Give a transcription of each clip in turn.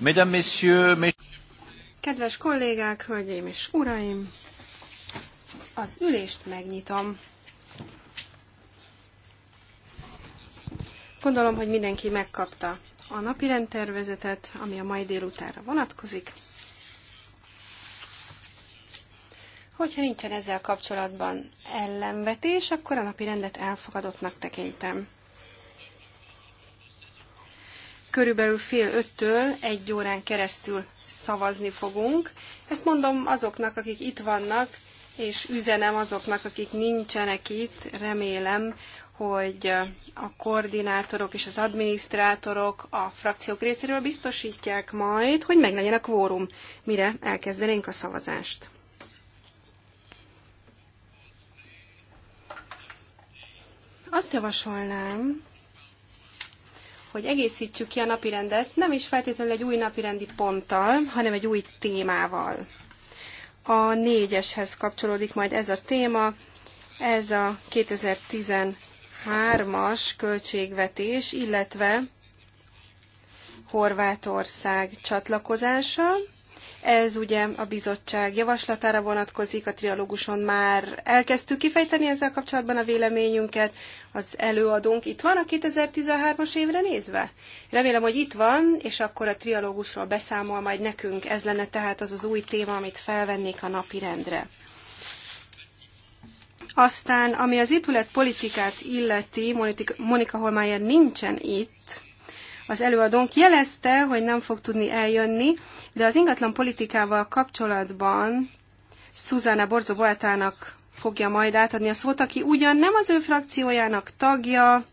Mesdames, Messieurs, mes... Kedves kollégák, hölgyeim és uraim! Az ülést megnyitom. Gondolom, hogy mindenki megkapta a napi rendtervezetet, ami a mai délutánra vonatkozik. Hogyha nincsen ezzel kapcsolatban ellenvetés, akkor a napi rendet elfogadottnak tekintem körülbelül fél öttől egy órán keresztül szavazni fogunk. Ezt mondom azoknak, akik itt vannak, és üzenem azoknak, akik nincsenek itt, remélem, hogy a koordinátorok és az adminisztrátorok a frakciók részéről biztosítják majd, hogy meglegyen a kvórum, mire elkezdenénk a szavazást. Azt javasolnám, hogy egészítsük ki a napirendet nem is feltétlenül egy új napirendi ponttal, hanem egy új témával. A négyeshez kapcsolódik majd ez a téma, ez a 2013-as költségvetés, illetve Horvátország csatlakozása, ez ugye a bizottság javaslatára vonatkozik, a trialóguson már elkezdtük kifejteni ezzel kapcsolatban a véleményünket. Az előadónk itt van a 2013-as évre nézve? Remélem, hogy itt van, és akkor a trialógusról beszámol majd nekünk. Ez lenne tehát az az új téma, amit felvennék a napi rendre. Aztán, ami az épületpolitikát illeti, Monika Holmájer nincsen itt, az előadónk jelezte, hogy nem fog tudni eljönni, de az ingatlan politikával kapcsolatban Szuzana Borzo Boátának fogja majd átadni a szót, aki ugyan nem az ő frakciójának tagja,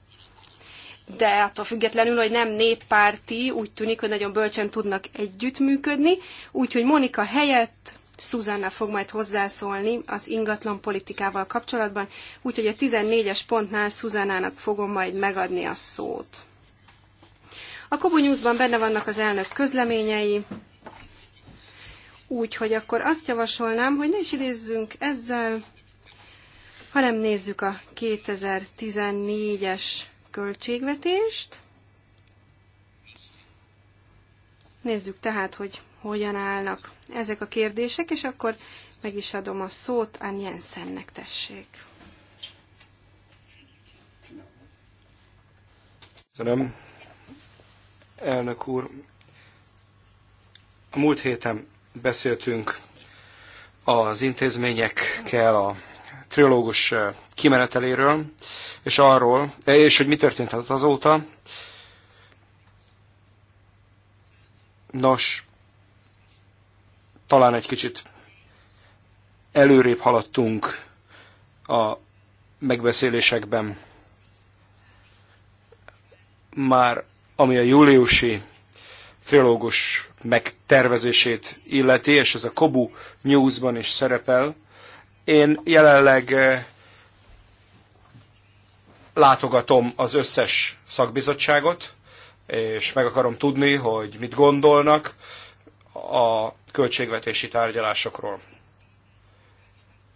de attól függetlenül, hogy nem néppárti, úgy tűnik, hogy nagyon bölcsen tudnak együttműködni, úgyhogy Monika helyett Szuzanna fog majd hozzászólni az ingatlan politikával kapcsolatban, úgyhogy a 14-es pontnál Szuzannának fogom majd megadni a szót. A Kobo Newsban benne vannak az elnök közleményei, úgyhogy akkor azt javasolnám, hogy ne is idézzünk ezzel, hanem nézzük a 2014-es költségvetést. Nézzük tehát, hogy hogyan állnak ezek a kérdések, és akkor meg is adom a szót Ann Jensennek, tessék. Köszönöm elnök úr. A múlt héten beszéltünk az intézményekkel a trilógus kimeneteléről, és arról, és hogy mi történt azóta. Nos, talán egy kicsit előrébb haladtunk a megbeszélésekben. Már ami a júliusi trilógus megtervezését illeti, és ez a Kobu Newsban is szerepel. Én jelenleg eh, látogatom az összes szakbizottságot, és meg akarom tudni, hogy mit gondolnak a költségvetési tárgyalásokról.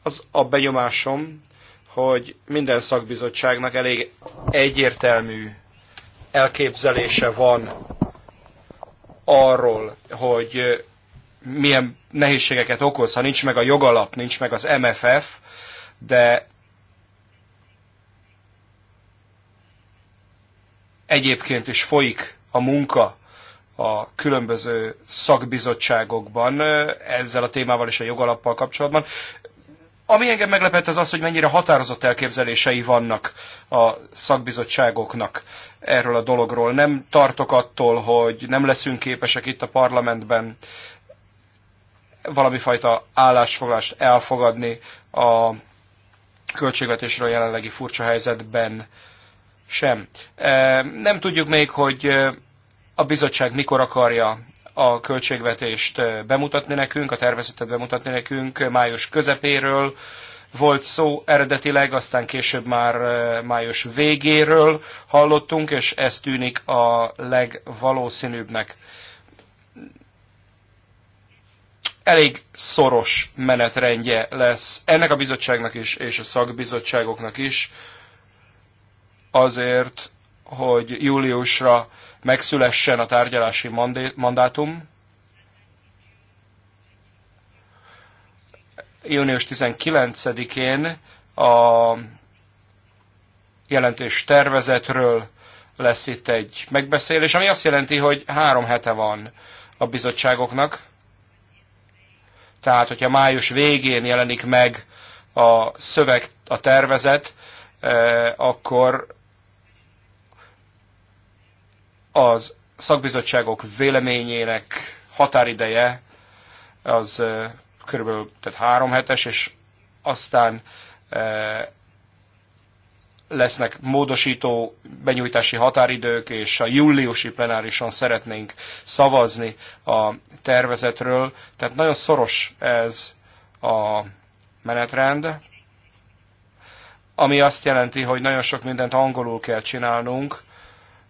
Az a benyomásom, hogy minden szakbizottságnak elég egyértelmű elképzelése van arról, hogy milyen nehézségeket okoz, ha nincs meg a jogalap, nincs meg az MFF, de egyébként is folyik a munka a különböző szakbizottságokban ezzel a témával és a jogalappal kapcsolatban. Ami engem meglepett, az az, hogy mennyire határozott elképzelései vannak a szakbizottságoknak erről a dologról. Nem tartok attól, hogy nem leszünk képesek itt a parlamentben valami fajta állásfoglalást elfogadni a költségvetésről a jelenlegi furcsa helyzetben sem. Nem tudjuk még, hogy a bizottság mikor akarja a költségvetést eh, bemutatni nekünk, a tervezetet bemutatni nekünk május közepéről, volt szó eredetileg, aztán később már eh, május végéről hallottunk, és ez tűnik a legvalószínűbbnek. Elég szoros menetrendje lesz ennek a bizottságnak is, és a szakbizottságoknak is, azért, hogy júliusra megszülessen a tárgyalási mandátum. Június 19-én a jelentés tervezetről lesz itt egy megbeszélés, ami azt jelenti, hogy három hete van a bizottságoknak. Tehát, hogyha május végén jelenik meg a szöveg, a tervezet, eh, akkor az szakbizottságok véleményének határideje az körülbelül tehát három hetes, és aztán lesznek módosító benyújtási határidők, és a júliusi plenárison szeretnénk szavazni a tervezetről. Tehát nagyon szoros ez a menetrend, ami azt jelenti, hogy nagyon sok mindent angolul kell csinálnunk,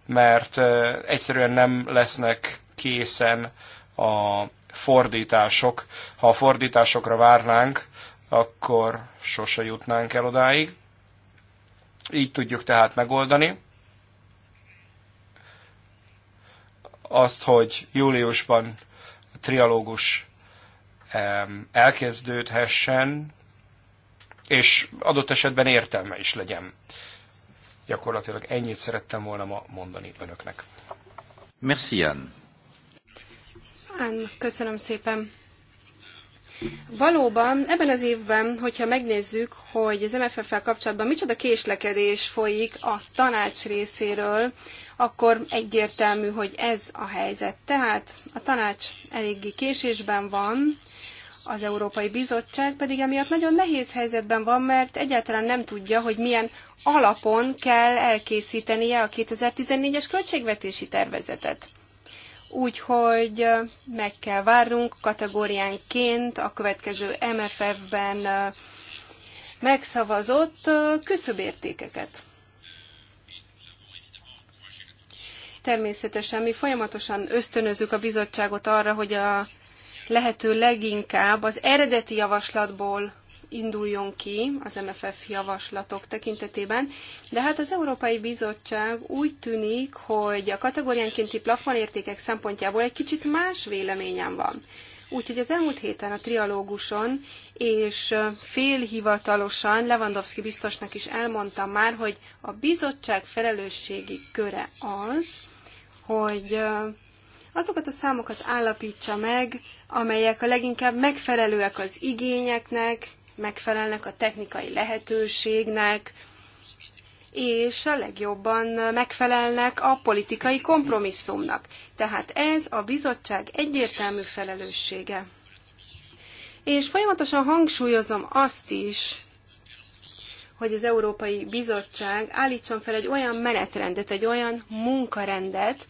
mert egyszerűen nem lesznek készen a fordítások. Ha a fordításokra várnánk, akkor sose jutnánk el odáig. Így tudjuk tehát megoldani. Azt, hogy júliusban a trialógus elkezdődhessen, és adott esetben értelme is legyen. Gyakorlatilag ennyit szerettem volna ma mondani önöknek. Merci, Anne. Anne, köszönöm szépen. Valóban ebben az évben, hogyha megnézzük, hogy az MFF-fel kapcsolatban micsoda késlekedés folyik a tanács részéről, akkor egyértelmű, hogy ez a helyzet. Tehát a tanács eléggé késésben van, az Európai Bizottság pedig emiatt nagyon nehéz helyzetben van, mert egyáltalán nem tudja, hogy milyen alapon kell elkészítenie a 2014-es költségvetési tervezetet. Úgyhogy meg kell várnunk kategóriánként a következő MFF-ben megszavazott küszöbértékeket. Természetesen mi folyamatosan ösztönözzük a bizottságot arra, hogy a lehető leginkább az eredeti javaslatból induljon ki az MFF javaslatok tekintetében, de hát az Európai Bizottság úgy tűnik, hogy a kategóriánkénti plafonértékek szempontjából egy kicsit más véleményem van. Úgyhogy az elmúlt héten a trialóguson és félhivatalosan Lewandowski biztosnak is elmondtam már, hogy a bizottság felelősségi köre az, hogy azokat a számokat állapítsa meg, amelyek a leginkább megfelelőek az igényeknek, megfelelnek a technikai lehetőségnek, és a legjobban megfelelnek a politikai kompromisszumnak. Tehát ez a bizottság egyértelmű felelőssége. És folyamatosan hangsúlyozom azt is, hogy az Európai Bizottság állítson fel egy olyan menetrendet, egy olyan munkarendet,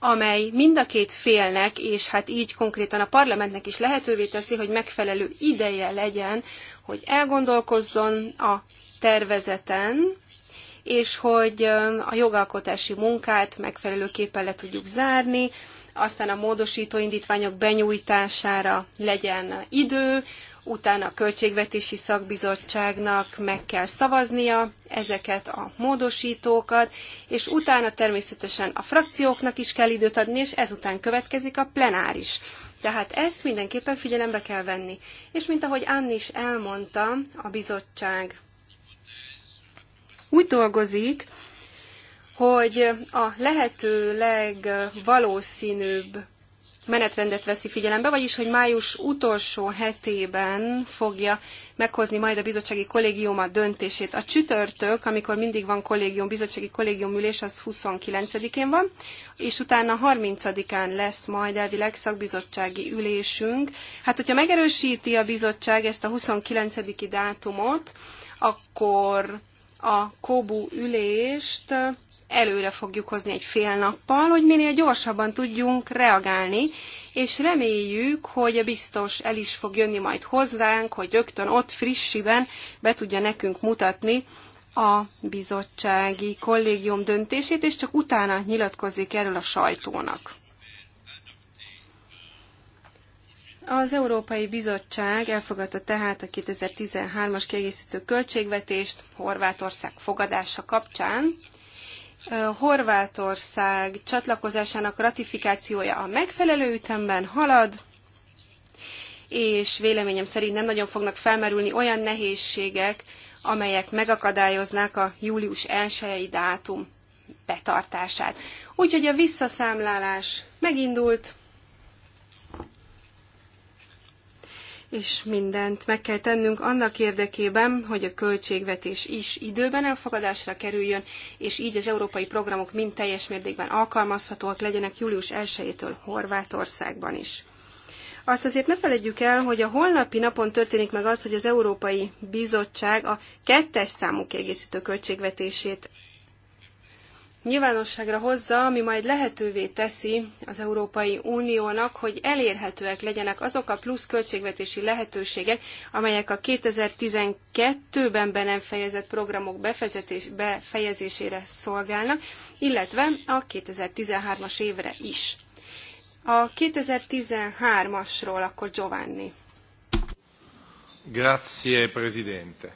amely mind a két félnek, és hát így konkrétan a parlamentnek is lehetővé teszi, hogy megfelelő ideje legyen, hogy elgondolkozzon a tervezeten, és hogy a jogalkotási munkát megfelelőképpen le tudjuk zárni, aztán a módosító indítványok benyújtására legyen idő, utána a Költségvetési Szakbizottságnak meg kell szavaznia ezeket a módosítókat, és utána természetesen a frakcióknak is kell időt adni, és ezután következik a plenáris. Tehát ezt mindenképpen figyelembe kell venni. És mint ahogy Ann is elmondta, a bizottság úgy dolgozik, hogy a lehető legvalószínűbb menetrendet veszi figyelembe, vagyis hogy május utolsó hetében fogja meghozni majd a bizottsági kollégium a döntését. A csütörtök, amikor mindig van kollégium, bizottsági kollégium ülés, az 29-én van, és utána 30-án lesz majd elvileg szakbizottsági ülésünk. Hát, hogyha megerősíti a bizottság ezt a 29 dátumot, akkor a Kobu ülést előre fogjuk hozni egy fél nappal, hogy minél gyorsabban tudjunk reagálni, és reméljük, hogy a biztos el is fog jönni majd hozzánk, hogy rögtön ott frissiben be tudja nekünk mutatni a bizottsági kollégium döntését, és csak utána nyilatkozik erről a sajtónak. Az Európai Bizottság elfogadta tehát a 2013-as kiegészítő költségvetést Horvátország fogadása kapcsán, Horvátország csatlakozásának ratifikációja a megfelelő ütemben halad, és véleményem szerint nem nagyon fognak felmerülni olyan nehézségek, amelyek megakadályoznák a július 1-i dátum betartását. Úgyhogy a visszaszámlálás megindult, és mindent meg kell tennünk annak érdekében, hogy a költségvetés is időben elfogadásra kerüljön, és így az európai programok mind teljes mértékben alkalmazhatóak legyenek július 1-től Horvátországban is. Azt azért ne felejtjük el, hogy a holnapi napon történik meg az, hogy az Európai Bizottság a kettes számú kiegészítő költségvetését nyilvánosságra hozza, ami majd lehetővé teszi az Európai Uniónak, hogy elérhetőek legyenek azok a plusz költségvetési lehetőségek, amelyek a 2012-ben be nem fejezett programok befejezésére szolgálnak, illetve a 2013-as évre is. A 2013-asról akkor Giovanni. Grazie, Presidente.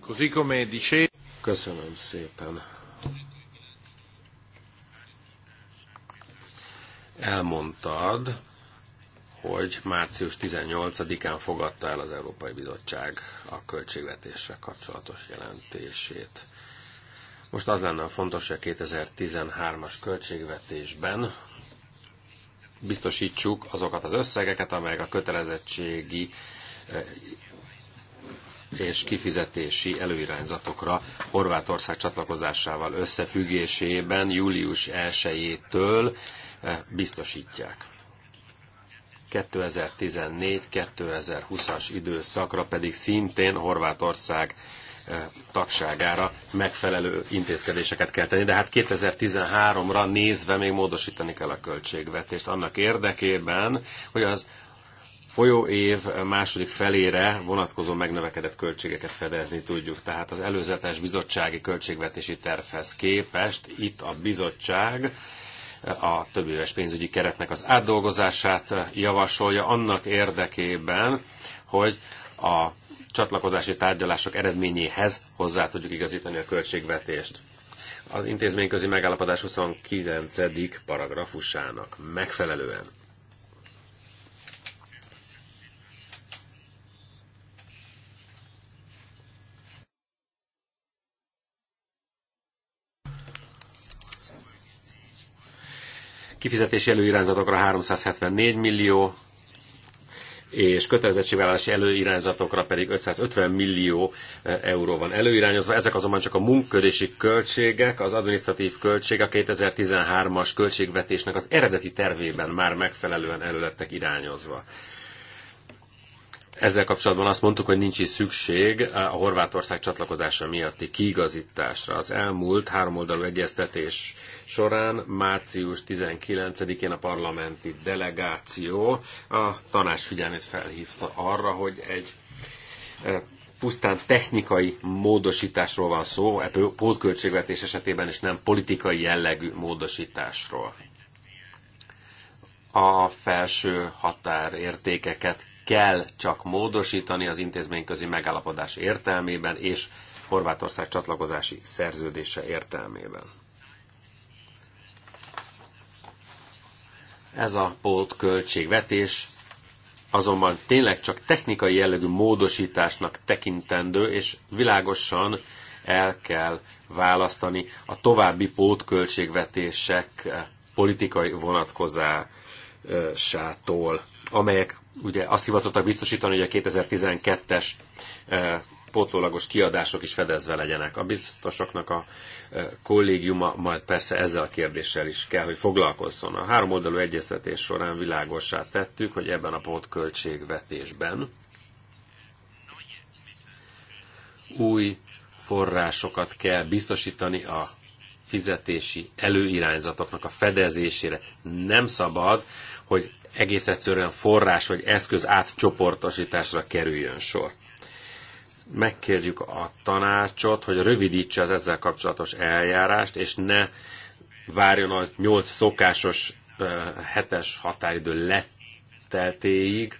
Così come dice... Köszönöm szépen, elmondtad, hogy március 18-án fogadta el az Európai Bizottság a költségvetéssel kapcsolatos jelentését. Most az lenne a fontos, hogy a 2013-as költségvetésben biztosítsuk azokat az összegeket, amelyek a kötelezettségi és kifizetési előirányzatokra Horvátország csatlakozásával összefüggésében július 1-től eh, biztosítják. 2014-2020-as időszakra pedig szintén Horvátország eh, tagságára megfelelő intézkedéseket kell tenni, de hát 2013-ra nézve még módosítani kell a költségvetést annak érdekében, hogy az folyó év második felére vonatkozó megnövekedett költségeket fedezni tudjuk. Tehát az előzetes bizottsági költségvetési tervhez képest itt a bizottság a több éves pénzügyi keretnek az átdolgozását javasolja annak érdekében, hogy a csatlakozási tárgyalások eredményéhez hozzá tudjuk igazítani a költségvetést. Az intézményközi megállapodás 29. paragrafusának megfelelően. kifizetési előirányzatokra 374 millió, és kötelezettségvállalási előirányzatokra pedig 550 millió e, euró van előirányozva. Ezek azonban csak a munködési költségek, az adminisztratív költség a 2013-as költségvetésnek az eredeti tervében már megfelelően elő lettek irányozva. Ezzel kapcsolatban azt mondtuk, hogy nincs is szükség a Horvátország csatlakozása miatti kiigazításra. Az elmúlt háromoldalú egyeztetés során március 19-én a parlamenti delegáció a tanács figyelmét felhívta arra, hogy egy e, pusztán technikai módosításról van szó, ebből pótköltségvetés esetében is nem politikai jellegű módosításról. A felső határértékeket kell csak módosítani az intézményközi megállapodás értelmében és Horvátország csatlakozási szerződése értelmében. Ez a pót költségvetés azonban tényleg csak technikai jellegű módosításnak tekintendő, és világosan el kell választani a további pótköltségvetések politikai vonatkozásától, amelyek ugye azt hivatottak biztosítani, hogy a 2012-es eh, pótlólagos kiadások is fedezve legyenek. A biztosoknak a eh, kollégiuma majd persze ezzel a kérdéssel is kell, hogy foglalkozzon. A három oldalú egyeztetés során világossá tettük, hogy ebben a pótköltségvetésben új forrásokat kell biztosítani a fizetési előirányzatoknak a fedezésére. Nem szabad, hogy egész egyszerűen forrás vagy eszköz átcsoportosításra kerüljön sor. Megkérjük a tanácsot, hogy rövidítse az ezzel kapcsolatos eljárást, és ne várjon a 8 szokásos hetes határidő letteltéig,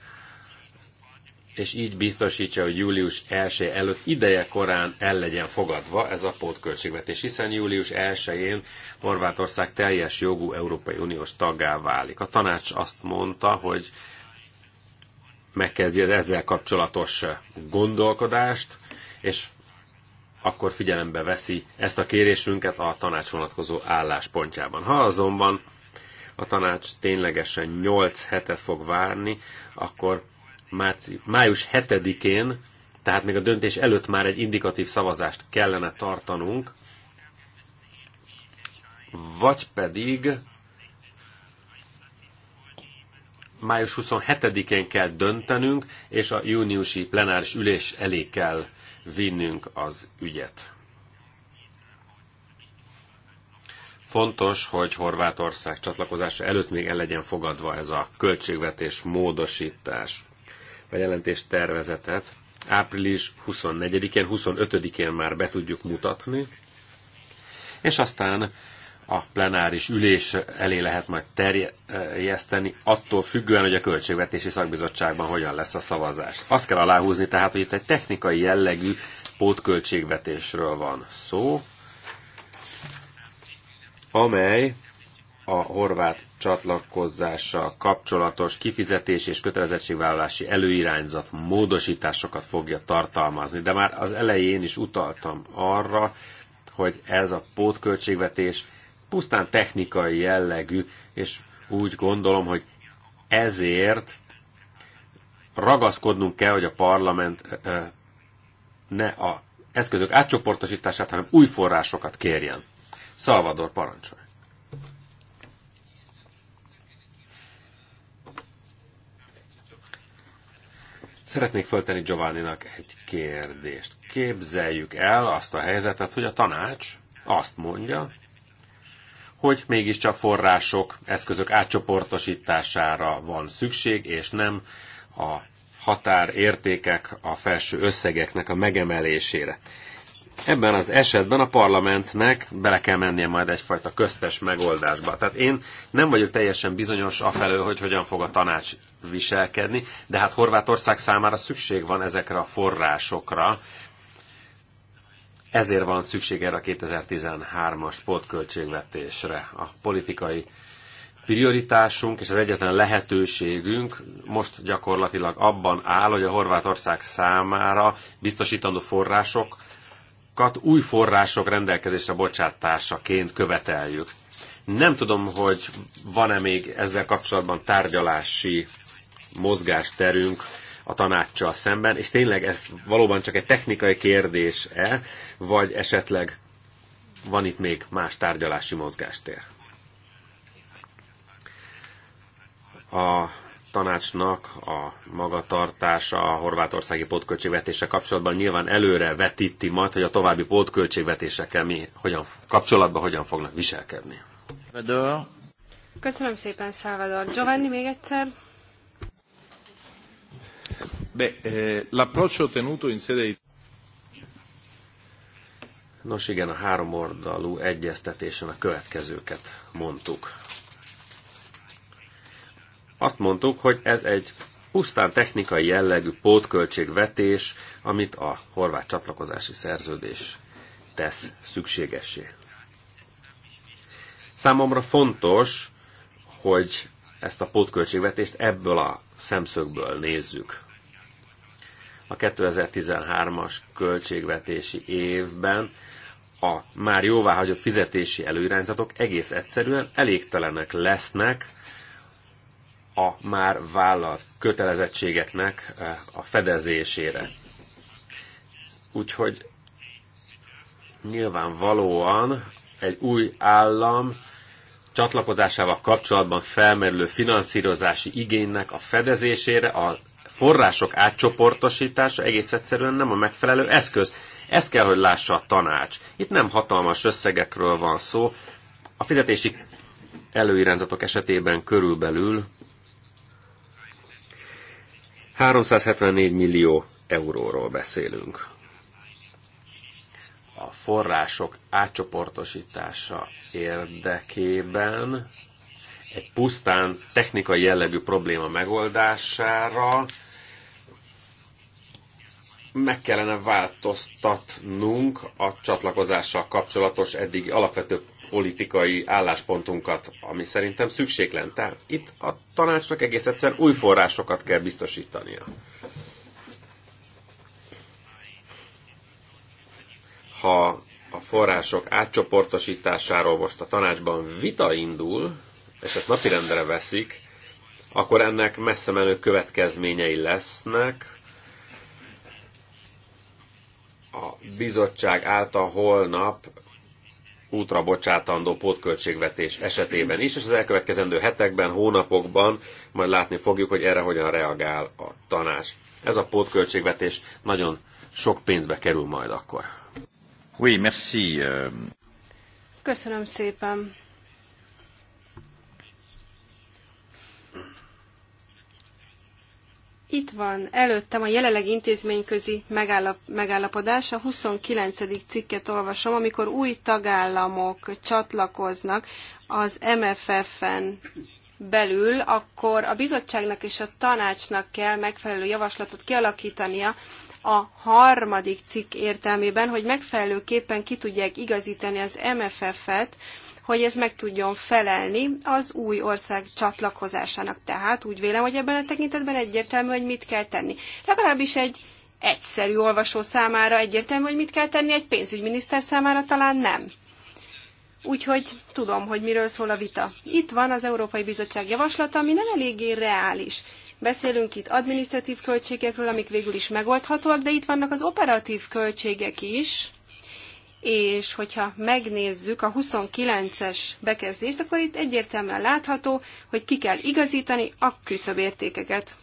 és így biztosítja, hogy július 1 előtt ideje korán el legyen fogadva ez a pótköltségvetés, hiszen július 1-én Horvátország teljes jogú Európai Uniós taggá válik. A tanács azt mondta, hogy megkezdi az ezzel kapcsolatos gondolkodást, és akkor figyelembe veszi ezt a kérésünket a tanács vonatkozó álláspontjában. Ha azonban a tanács ténylegesen 8 hetet fog várni, akkor márci, május 7-én, tehát még a döntés előtt már egy indikatív szavazást kellene tartanunk, vagy pedig május 27-én kell döntenünk, és a júniusi plenáris ülés elé kell vinnünk az ügyet. Fontos, hogy Horvátország csatlakozása előtt még el legyen fogadva ez a költségvetés módosítás a jelentés tervezetet április 24-én, 25-én már be tudjuk mutatni, és aztán a plenáris ülés elé lehet majd terjeszteni, attól függően, hogy a Költségvetési Szakbizottságban hogyan lesz a szavazás. Azt kell aláhúzni tehát, hogy itt egy technikai jellegű pótköltségvetésről van szó, amely a horvát csatlakozással kapcsolatos kifizetés és kötelezettségvállalási előirányzat módosításokat fogja tartalmazni. De már az elején is utaltam arra, hogy ez a pótköltségvetés pusztán technikai jellegű, és úgy gondolom, hogy ezért ragaszkodnunk kell, hogy a parlament ne a eszközök átcsoportosítását, hanem új forrásokat kérjen. Salvador parancsolj! Szeretnék föltenni giovanni egy kérdést. Képzeljük el azt a helyzetet, hogy a tanács azt mondja, hogy mégiscsak források, eszközök átcsoportosítására van szükség, és nem a határértékek, a felső összegeknek a megemelésére ebben az esetben a parlamentnek bele kell mennie majd egyfajta köztes megoldásba. Tehát én nem vagyok teljesen bizonyos afelől, hogy hogyan fog a tanács viselkedni, de hát Horvátország számára szükség van ezekre a forrásokra, ezért van szükség erre a 2013-as pótköltségvetésre. A politikai prioritásunk és az egyetlen lehetőségünk most gyakorlatilag abban áll, hogy a Horvátország számára biztosítandó források forrásokat új források rendelkezésre bocsátásaként követeljük. Nem tudom, hogy van-e még ezzel kapcsolatban tárgyalási mozgásterünk a tanácssal szemben, és tényleg ez valóban csak egy technikai kérdés-e, vagy esetleg van itt még más tárgyalási mozgástér? A tanácsnak a magatartása a horvátországi pótköltségvetése kapcsolatban nyilván előre vetíti majd, hogy a további pótköltségvetésekkel mi hogyan, kapcsolatban hogyan fognak viselkedni. Köszönöm szépen, Salvador. Giovanni, még egyszer. Beh, eh, l'approccio tenuto in sede Nos igen, a oldalú egyeztetésen a következőket mondtuk azt mondtuk, hogy ez egy pusztán technikai jellegű pótköltségvetés, amit a horvát csatlakozási szerződés tesz szükségessé. Számomra fontos, hogy ezt a pótköltségvetést ebből a szemszögből nézzük. A 2013-as költségvetési évben a már jóváhagyott fizetési előirányzatok egész egyszerűen elégtelenek lesznek a már vállalt kötelezettségeknek eh, a fedezésére. Úgyhogy nyilvánvalóan egy új állam csatlakozásával kapcsolatban felmerülő finanszírozási igénynek a fedezésére a források átcsoportosítása egész egyszerűen nem a megfelelő eszköz. Ezt kell, hogy lássa a tanács. Itt nem hatalmas összegekről van szó. A fizetési előirányzatok esetében körülbelül 374 millió euróról beszélünk. A források átcsoportosítása érdekében egy pusztán technikai jellegű probléma megoldására meg kellene változtatnunk a csatlakozással kapcsolatos eddig alapvető politikai álláspontunkat, ami szerintem szükséglen. Tehát itt a tanácsnak egész egyszerűen új forrásokat kell biztosítania. Ha a források átcsoportosításáról most a tanácsban vita indul, és ezt napirendre veszik, akkor ennek messze menő következményei lesznek, a bizottság által holnap útra bocsátandó pótköltségvetés esetében is, és az elkövetkezendő hetekben, hónapokban majd látni fogjuk, hogy erre hogyan reagál a tanács. Ez a pótköltségvetés nagyon sok pénzbe kerül majd akkor. Oui, merci. Euh. Köszönöm szépen. Itt van előttem a jelenleg intézményközi megállap, megállapodás, a 29. cikket olvasom, amikor új tagállamok csatlakoznak az MFF-en belül, akkor a bizottságnak és a tanácsnak kell megfelelő javaslatot kialakítania a harmadik cikk értelmében, hogy megfelelőképpen ki tudják igazítani az MFF-et hogy ez meg tudjon felelni az új ország csatlakozásának. Tehát úgy vélem, hogy ebben a tekintetben egyértelmű, hogy mit kell tenni. Legalábbis egy egyszerű olvasó számára egyértelmű, hogy mit kell tenni, egy pénzügyminiszter számára talán nem. Úgyhogy tudom, hogy miről szól a vita. Itt van az Európai Bizottság javaslata, ami nem eléggé reális. Beszélünk itt administratív költségekről, amik végül is megoldhatóak, de itt vannak az operatív költségek is, és hogyha megnézzük a 29-es bekezdést, akkor itt egyértelműen látható, hogy ki kell igazítani a küszöbértékeket.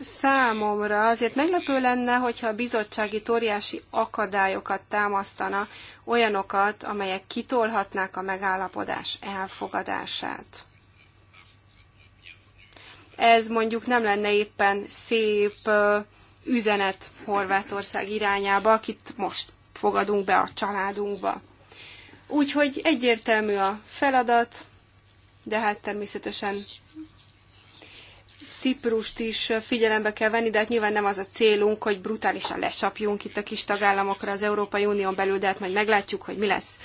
Számomra azért meglepő lenne, hogyha a bizottsági itt akadályokat támasztana, olyanokat, amelyek kitolhatnák a megállapodás elfogadását. Ez mondjuk nem lenne éppen szép üzenet Horvátország irányába, akit most fogadunk be a családunkba. Úgyhogy egyértelmű a feladat, de hát természetesen Ciprust is figyelembe kell venni, de hát nyilván nem az a célunk, hogy brutálisan lecsapjunk itt a kis tagállamokra az Európai Unión belül, de hát majd meglátjuk, hogy mi lesz.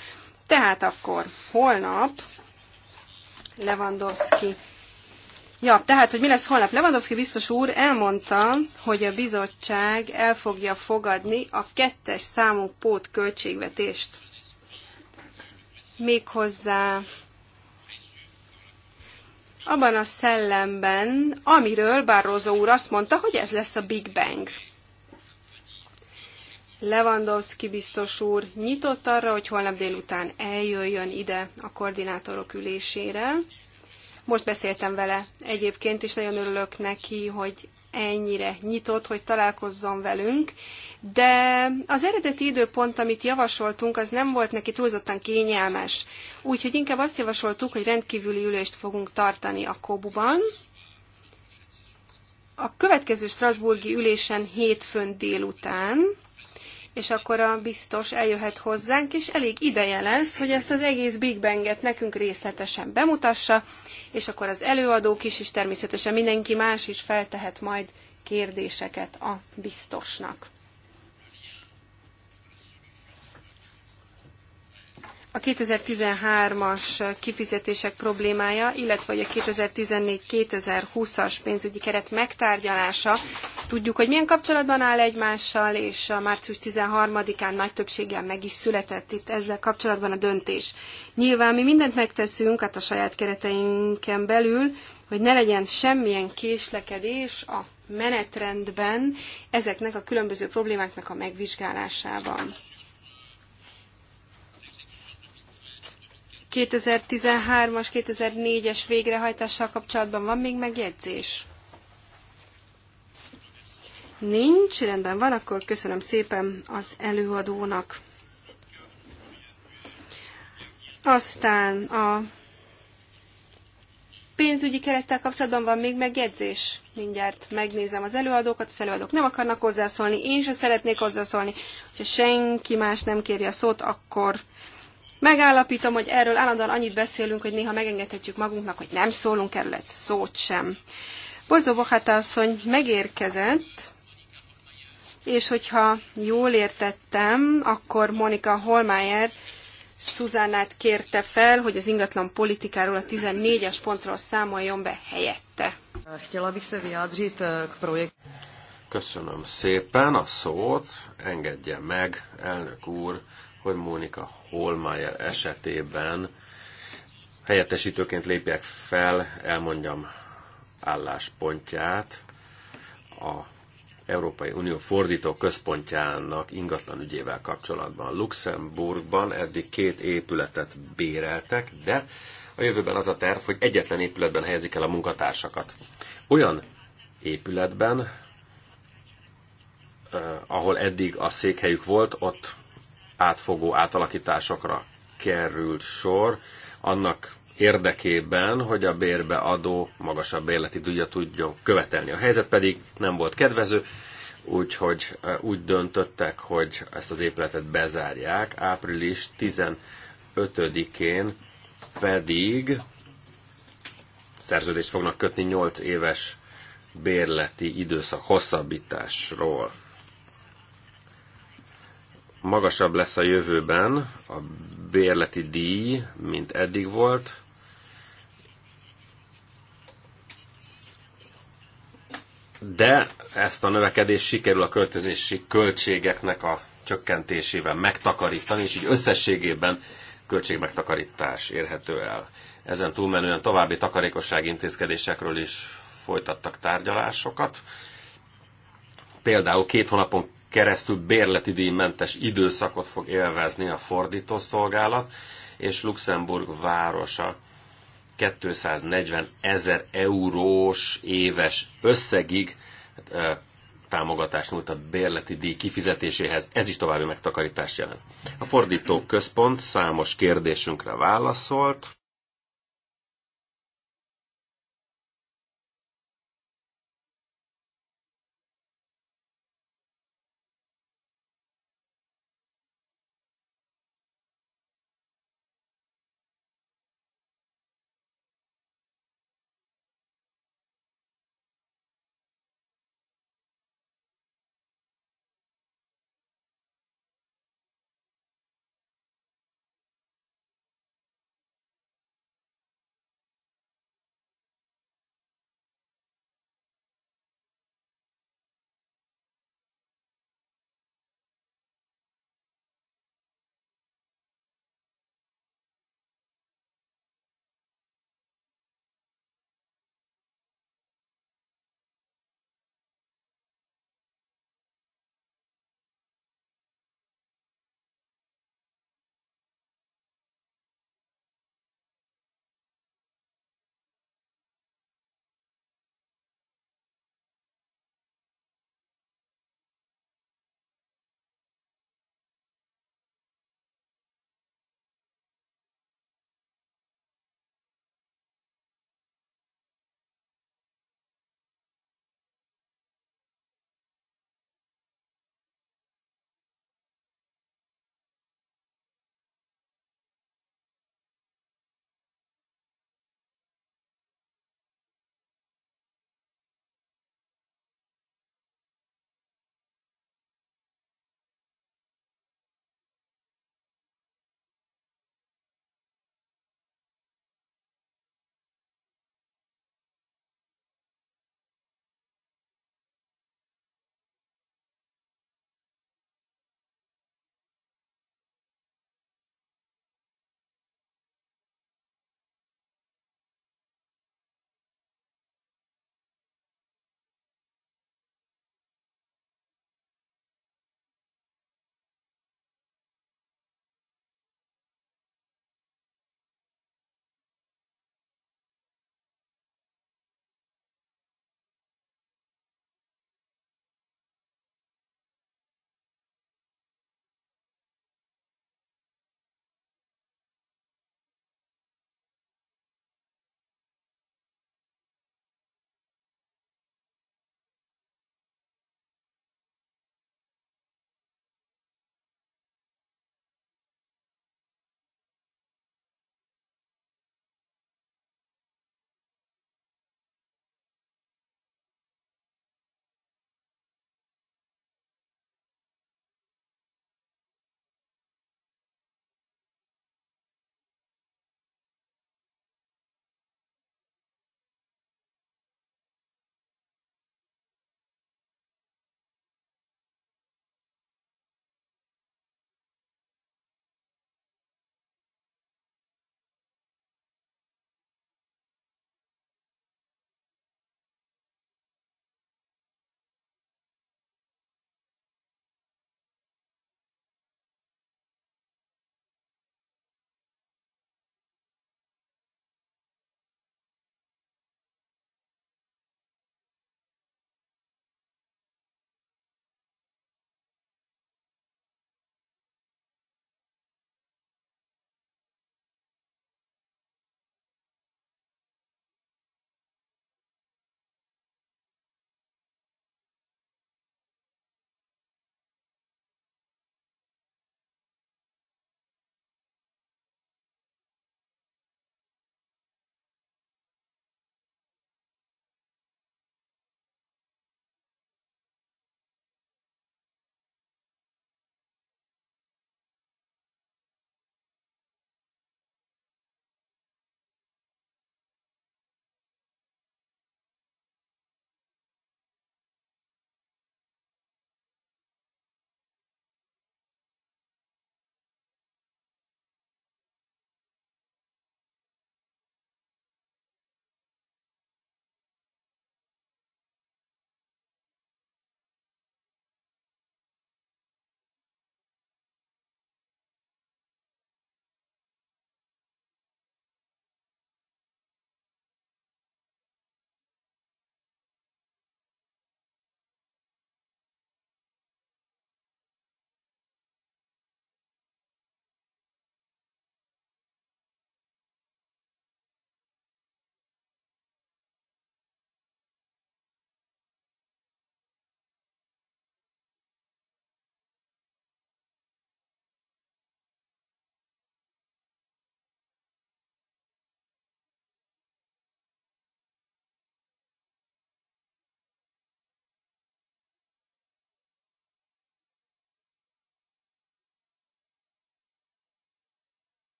Tehát akkor holnap Lewandowski Ja, tehát, hogy mi lesz holnap? Lewandowski biztos úr elmondta, hogy a bizottság el fogja fogadni a kettes számú költségvetést. Méghozzá abban a szellemben, amiről Bárózó úr azt mondta, hogy ez lesz a Big Bang. Lewandowski biztos úr nyitott arra, hogy holnap délután eljöjjön ide a koordinátorok ülésére, most beszéltem vele egyébként, és nagyon örülök neki, hogy ennyire nyitott, hogy találkozzon velünk, de az eredeti időpont, amit javasoltunk, az nem volt neki túlzottan kényelmes. Úgyhogy inkább azt javasoltuk, hogy rendkívüli ülést fogunk tartani a Kobuban. A következő Strasburgi ülésen hétfőn délután, és akkor a biztos eljöhet hozzánk, és elég ideje lesz, hogy ezt az egész Big Bang-et nekünk részletesen bemutassa, és akkor az előadók is, és természetesen mindenki más is feltehet majd kérdéseket a biztosnak. a 2013-as kifizetések problémája, illetve hogy a 2014-2020-as pénzügyi keret megtárgyalása. Tudjuk, hogy milyen kapcsolatban áll egymással, és a március 13-án nagy többséggel meg is született itt ezzel kapcsolatban a döntés. Nyilván mi mindent megteszünk, hát a saját kereteinken belül, hogy ne legyen semmilyen késlekedés a menetrendben ezeknek a különböző problémáknak a megvizsgálásában. 2013-as, 2004-es végrehajtással kapcsolatban van még megjegyzés? Nincs, rendben van, akkor köszönöm szépen az előadónak. Aztán a pénzügyi kerettel kapcsolatban van még megjegyzés. Mindjárt megnézem az előadókat, az előadók nem akarnak hozzászólni, én sem szeretnék hozzászólni. Ha senki más nem kéri a szót, akkor Megállapítom, hogy erről állandóan annyit beszélünk, hogy néha megengedhetjük magunknak, hogy nem szólunk erről egy szót sem. Borzó Bohata asszony megérkezett, és hogyha jól értettem, akkor Monika Holmeyer Szuzánát kérte fel, hogy az ingatlan politikáról a 14-es pontról számoljon be helyette. Eh, Köszönöm szépen a szót, engedje meg, elnök úr, hogy Mónika Holmeyer esetében helyettesítőként lépjek fel, elmondjam álláspontját a Európai Unió fordító központjának ingatlan ügyével kapcsolatban. Luxemburgban eddig két épületet béreltek, de a jövőben az a terv, hogy egyetlen épületben helyezik el a munkatársakat. Olyan épületben, eh, ahol eddig a székhelyük volt, ott átfogó átalakításokra került sor, annak érdekében, hogy a bérbe adó magasabb bérleti díjat tudjon követelni. A helyzet pedig nem volt kedvező, úgyhogy úgy döntöttek, hogy ezt az épületet bezárják. Április 15-én pedig szerződést fognak kötni 8 éves bérleti időszak hosszabbításról magasabb lesz a jövőben a bérleti díj, mint eddig volt. De ezt a növekedést sikerül a költözési költségeknek a csökkentésével megtakarítani, és így összességében költségmegtakarítás érhető el. Ezen túlmenően további takarékosság intézkedésekről is folytattak tárgyalásokat. Például két hónapon keresztül bérleti díjmentes időszakot fog élvezni a fordítószolgálat, és Luxemburg városa 240 ezer eurós éves összegig hát, támogatást nyújt a bérleti díj kifizetéséhez, ez is további megtakarítást jelent. A fordító központ számos kérdésünkre válaszolt,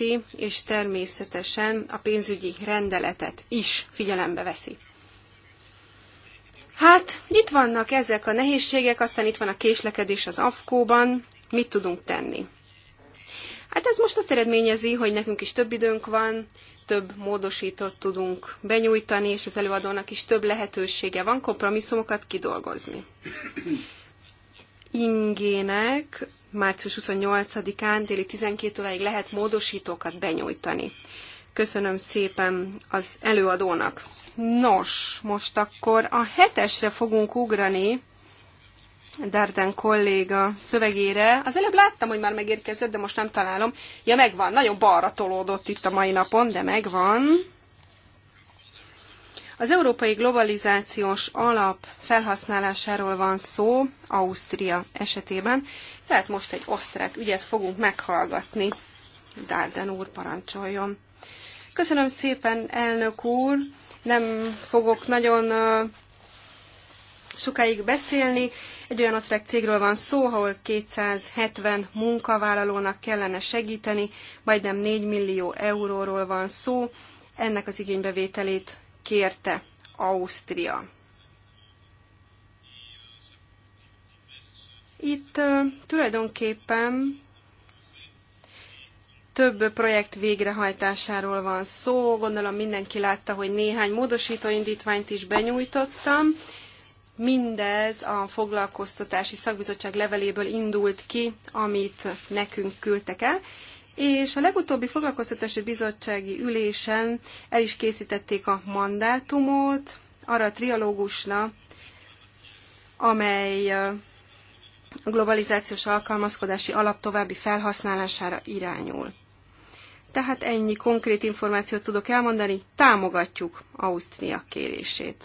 illeti, és természetesen a pénzügyi rendeletet is figyelembe veszi. Hát, itt vannak ezek a nehézségek, aztán itt van a késlekedés az AFKÓ-ban, mit tudunk tenni? Hát ez most azt eredményezi, hogy nekünk is több időnk van, több módosítót tudunk benyújtani, és az előadónak is több lehetősége van kompromisszumokat kidolgozni. Ingének március 28-án déli 12 óráig lehet módosítókat benyújtani. Köszönöm szépen az előadónak. Nos, most akkor a hetesre fogunk ugrani. Darden kolléga szövegére. Az előbb láttam, hogy már megérkezett, de most nem találom. Ja, megvan. Nagyon balra tolódott itt a mai napon, de megvan. Az európai globalizációs alap felhasználásáról van szó Ausztria esetében, tehát most egy osztrák ügyet fogunk meghallgatni. Dárden úr, parancsoljon! Köszönöm szépen, elnök úr! Nem fogok nagyon sokáig beszélni. Egy olyan osztrák cégről van szó, ahol 270 munkavállalónak kellene segíteni, majdnem 4 millió euróról van szó. Ennek az igénybevételét kérte Ausztria. Itt tulajdonképpen több projekt végrehajtásáról van szó. Gondolom mindenki látta, hogy néhány módosító indítványt is benyújtottam. Mindez a foglalkoztatási szakbizottság leveléből indult ki, amit nekünk küldtek el, és a legutóbbi foglalkoztatási bizottsági ülésen el is készítették a mandátumot arra a trialógusra, amely a globalizációs alkalmazkodási alap további felhasználására irányul. Tehát ennyi konkrét információt tudok elmondani, támogatjuk Ausztria kérését.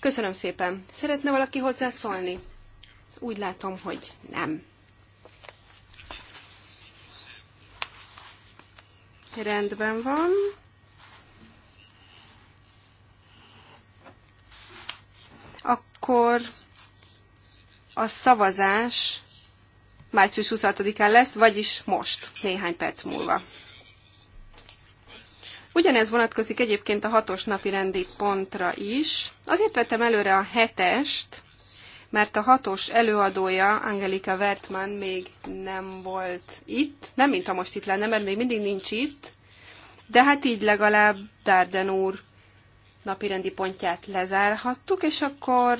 Köszönöm szépen. Szeretne valaki hozzászólni? Úgy látom, hogy nem. Rendben van. Akkor a szavazás március 26-án lesz, vagyis most, néhány perc múlva. Ugyanez vonatkozik egyébként a hatos napi rendi pontra is. Azért vettem előre a hetest, mert a hatos előadója, Angelika Wertmann még nem volt itt. Nem, mint ha most itt lenne, mert még mindig nincs itt. De hát így legalább Darden úr napirendi pontját lezárhattuk, és akkor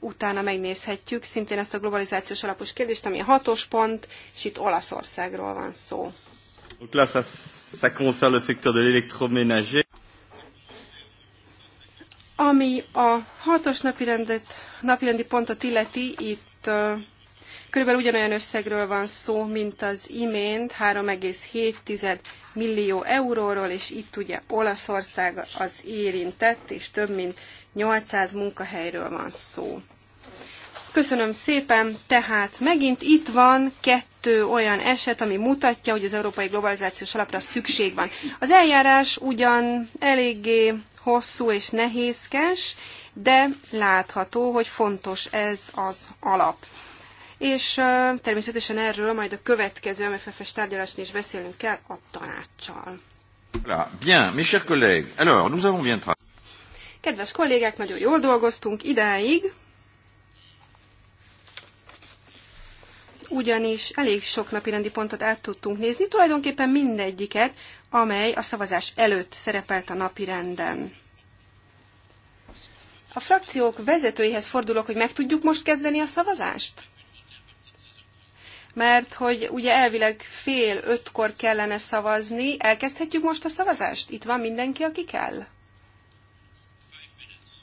utána megnézhetjük szintén ezt a globalizációs alapos kérdést, ami a hatos pont, és itt Olaszországról van szó. Donc là, ça, ça concerne le secteur de l'électroménager. Ami a hatos napirendet, napirendi pontot illeti, itt körülbelül ugyanolyan összegről van szó, mint az imént, 3,7 millió euróról, és itt ugye Olaszország az érintett, és több mint 800 munkahelyről van szó. Köszönöm szépen, tehát megint itt van kettő olyan eset, ami mutatja, hogy az európai globalizációs alapra szükség van. Az eljárás ugyan eléggé hosszú és nehézkes, de látható, hogy fontos ez az alap. És természetesen erről majd a következő MFF-es tárgyalásnál is beszélünk kell a tanácssal. Bien, mes chers collègues, alors nous avons bien Kedves kollégák, nagyon jól dolgoztunk idáig, ugyanis elég sok napi rendi pontot át tudtunk nézni, tulajdonképpen mindegyiket amely a szavazás előtt szerepelt a napi renden. A frakciók vezetőihez fordulok, hogy meg tudjuk most kezdeni a szavazást? Mert hogy ugye elvileg fél ötkor kellene szavazni, elkezdhetjük most a szavazást? Itt van mindenki, aki kell?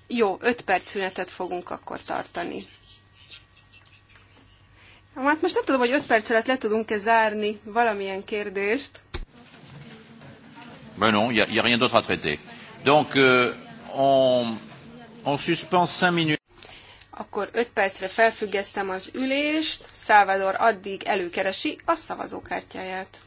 Jó, öt perc szünetet fogunk akkor tartani. Hát most nem tudom, hogy öt perc alatt le tudunk-e zárni valamilyen kérdést. Ben non, il n'y a, a rien d'autre à traiter. Donc, euh, on, on suspend cinq minutes. Akkor öt percre felfüggesztem az ülést, Salvador addig előkeresi a szavazókártyáját.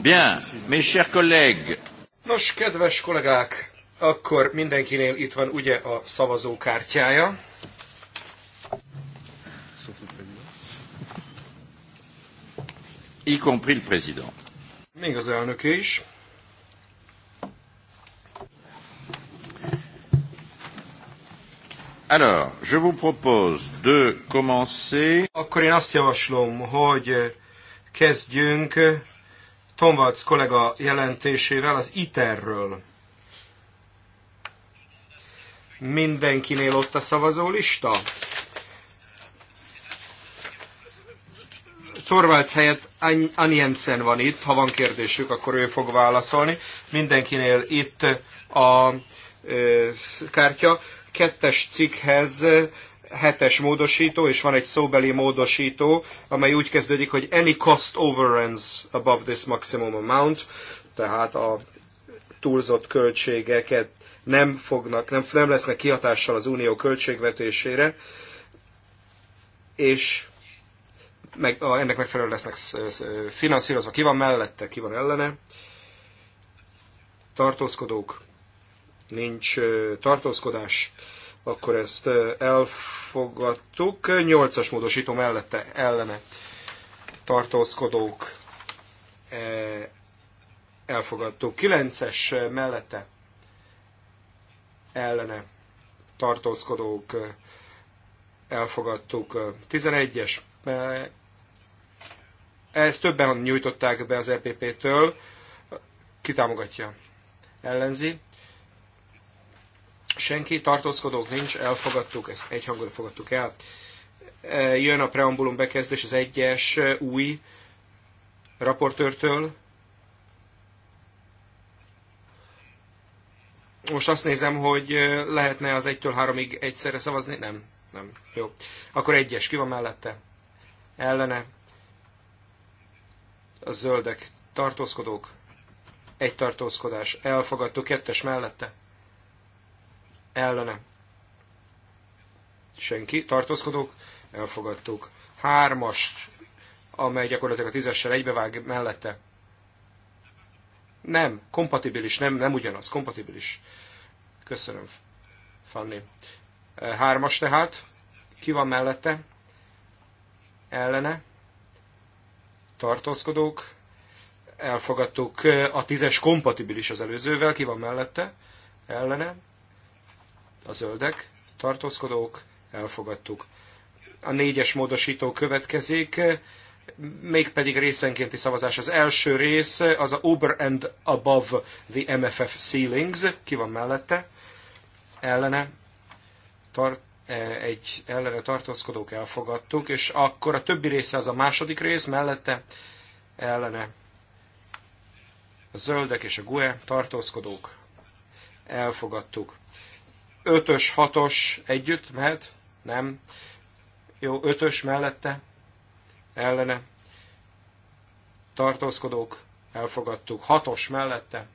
Bien, mes chers collègues. Nos, kedves kollégák, akkor mindenkinél itt van ugye a szavazókártyája. Y compris le président. Még az elnök is. Alors, je vous propose de commencer. Akkor én azt javaslom, hogy kezdjünk Tomvalc kollega jelentésével az ITER-ről. Mindenkinél ott a szavazólista? Torvalds helyett Anjensen van itt, ha van kérdésük, akkor ő fog válaszolni. Mindenkinél itt a ö, kártya. Kettes cikkhez hetes módosító, és van egy szóbeli módosító, amely úgy kezdődik, hogy any cost overruns above this maximum amount, tehát a túlzott költségeket nem fognak, nem, nem lesznek kihatással az unió költségvetésére, és meg, a, ennek megfelelően lesznek finanszírozva. Ki van mellette, ki van ellene? Tartózkodók, nincs tartózkodás akkor ezt elfogadtuk. Nyolcas módosító mellette ellene tartózkodók elfogadtuk. kilences mellette ellene tartózkodók elfogadtuk. 11-es ezt többen nyújtották be az EPP-től. Kitámogatja? Ellenzi? senki, tartózkodók nincs, elfogadtuk, ezt egyhangon fogadtuk el. E, jön a preambulum bekezdés az egyes e, új raportőrtől. Most azt nézem, hogy e, lehetne az 1-től 3-ig egyszerre szavazni? Nem, nem. Jó. Akkor egyes, ki van mellette? Ellene? A zöldek tartózkodók, egy tartózkodás, elfogadtuk, kettes mellette, ellene. Senki, tartózkodók, elfogadtuk. Hármas, amely gyakorlatilag a tízessel egybevág mellette. Nem, kompatibilis, nem, nem ugyanaz, kompatibilis. Köszönöm, Fanni. Hármas tehát, ki van mellette? Ellene, tartózkodók, elfogadtuk, a tízes kompatibilis az előzővel, ki van mellette? Ellene, a zöldek, tartózkodók, elfogadtuk. A négyes módosító következik, mégpedig részenkénti szavazás. Az első rész az a Uber and Above the MFF Ceilings. Ki van mellette? Ellene. Tart, e, egy ellene tartózkodók elfogadtuk, és akkor a többi része az a második rész, mellette ellene a zöldek és a GUE tartózkodók elfogadtuk. 5-ös, 6-os együtt mehet? Nem. Jó, 5-ös mellette, ellene. Tartózkodók, elfogadtuk. 6-os mellette,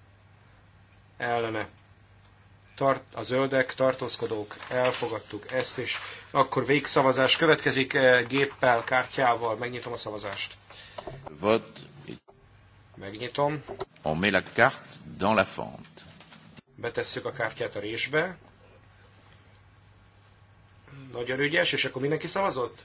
ellene. Tart, a zöldek, tartózkodók, elfogadtuk ezt is. Akkor végszavazás következik eh, géppel, kártyával. Megnyitom a szavazást. Vot. Megnyitom. On met la carte dans la fente. Betesszük a kártyát a résbe. Nagyon ügyes, és akkor mindenki szavazott?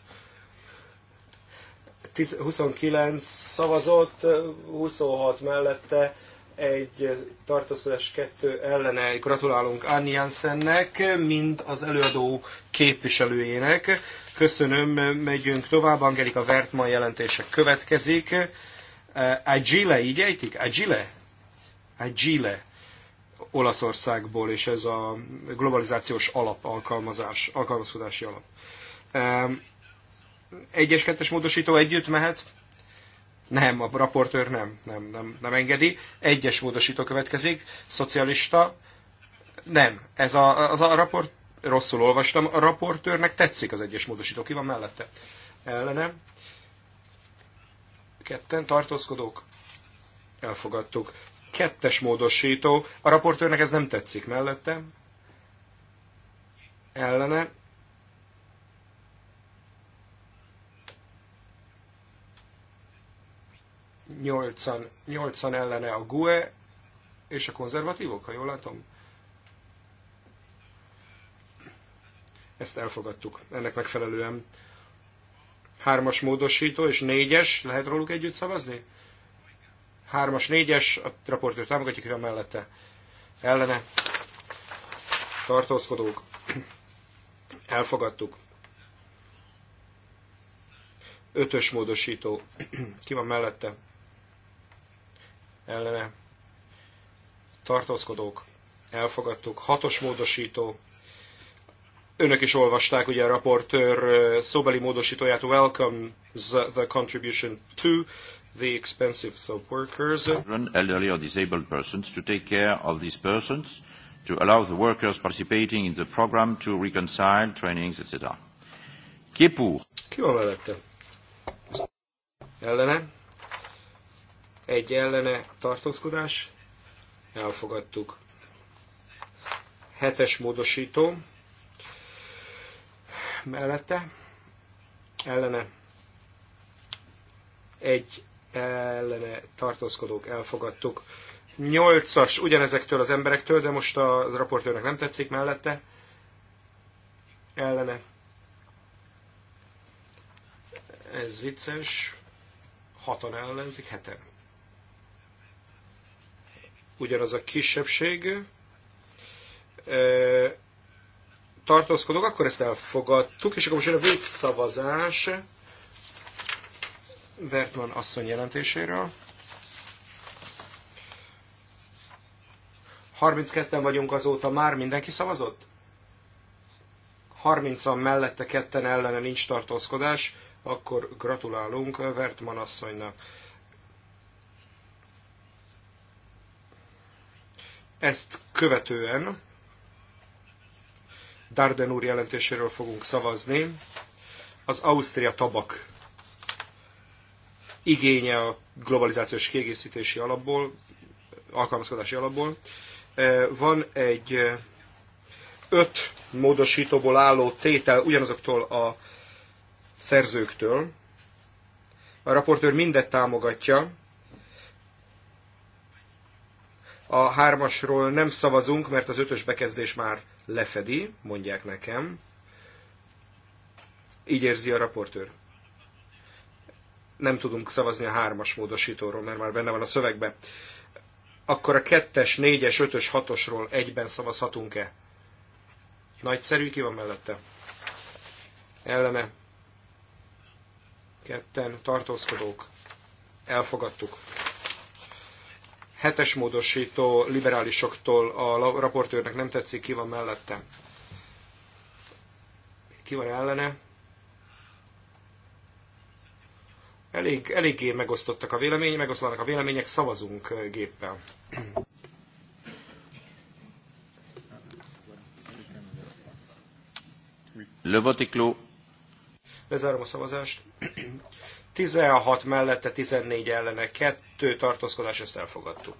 29 szavazott, 26 mellette, egy tartózkodás kettő ellene. Gratulálunk Anni Jensennek, mind az előadó képviselőjének. Köszönöm, megyünk tovább. Angelika Vertman jelentése következik. Agile, így ejtik? Agile? Agile. Olaszországból, és ez a globalizációs alap alkalmazás, alkalmazkodási alap. Egyes kettes módosító együtt mehet? Nem, a raportőr nem, nem, nem, nem engedi. Egyes módosító következik, szocialista. Nem, ez a, az a raport, rosszul olvastam, a raportőrnek tetszik az egyes módosító. Ki van mellette? Ellene. Ketten tartózkodók. Elfogadtuk. Kettes módosító. A raportőrnek ez nem tetszik mellette. Ellene. Nyolcan, nyolcan ellene a GUE és a konzervatívok, ha jól látom. Ezt elfogadtuk, ennek megfelelően. Hármas módosító és négyes, lehet róluk együtt szavazni? 3-as, 4-es, a raportőr támogatja, ki mellette ellene tartózkodók. Elfogadtuk. Ötös módosító. Ki van mellette? Ellene. Tartózkodók. Elfogadtuk. Hatos módosító. Önök is olvasták, ugye a raportőr szóbeli módosítóját welcome the Contribution to the expensive of workers. Children, elderly or disabled persons to take care of these persons, to allow the workers participating in the program to reconcile trainings, etc. qui est pour? qui va mellette? Ellene? Egy ellene tartózkodás? Elfogadtuk. Hetes módosító. Mellette? Ellene? egy ellene tartózkodók elfogadtuk. Nyolcas ugyanezektől az emberektől, de most a raportőrnek nem tetszik mellette. Ellene. Ez vicces. Hatan ellenzik, heten. Ugyanaz a kisebbség. Tartózkodok, akkor ezt elfogadtuk, és akkor most jön a végszavazás. szavazás Vertman asszony jelentéséről. 32-en vagyunk azóta, már mindenki szavazott? 30-an mellette, ketten ellene nincs tartózkodás, akkor gratulálunk Vertman asszonynak. Ezt követően Darden úr jelentéséről fogunk szavazni. Az Ausztria tabak igénye a globalizációs kiegészítési alapból, alkalmazkodási alapból. E, van egy e, öt módosítóból álló tétel ugyanazoktól a szerzőktől. A raportőr mindet támogatja. A hármasról nem szavazunk, mert az ötös bekezdés már lefedi, mondják nekem. Így érzi a raportőr nem tudunk szavazni a hármas módosítóról, mert már benne van a szövegbe. Akkor a kettes, négyes, ötös, hatosról egyben szavazhatunk-e? Nagyszerű, ki van mellette? Ellene. Ketten, tartózkodók. Elfogadtuk. Hetes módosító liberálisoktól a raportőrnek nem tetszik, ki van mellette? Ki van ellene? elég, eléggé megosztottak a vélemény, megoszlanak a vélemények, szavazunk géppel. Le vote clos. Lezárom a szavazást. 16 mellette, 14 ellene, 2 tartózkodás, ezt elfogadtuk.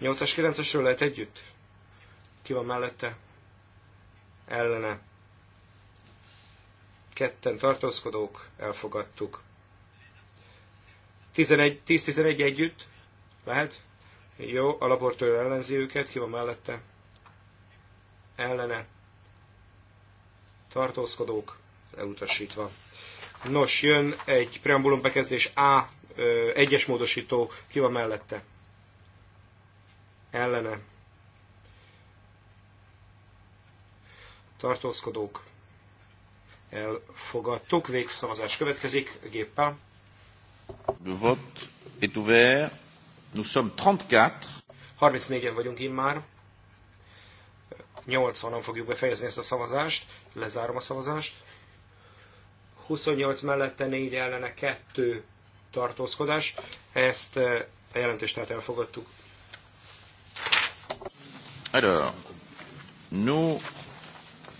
8-as, 9-esről lehet együtt? Ki van mellette? Ellene ketten tartózkodók, elfogadtuk. 10-11 együtt, lehet? Jó, a labortőr ellenzi őket, ki van mellette? Ellene. Tartózkodók, elutasítva. Nos, jön egy preambulum bekezdés A, ö, egyes módosító, ki van mellette? Ellene. Tartózkodók, elfogadtuk. Végszavazás következik géppel. Le vote est ouvert. Nous sommes 34. 34-en vagyunk immár. 80-an fogjuk befejezni ezt a szavazást. Lezárom a szavazást. 28 mellette 4 ellene 2 tartózkodás. Ezt eh, a jelentést tehát elfogadtuk. Alors, nous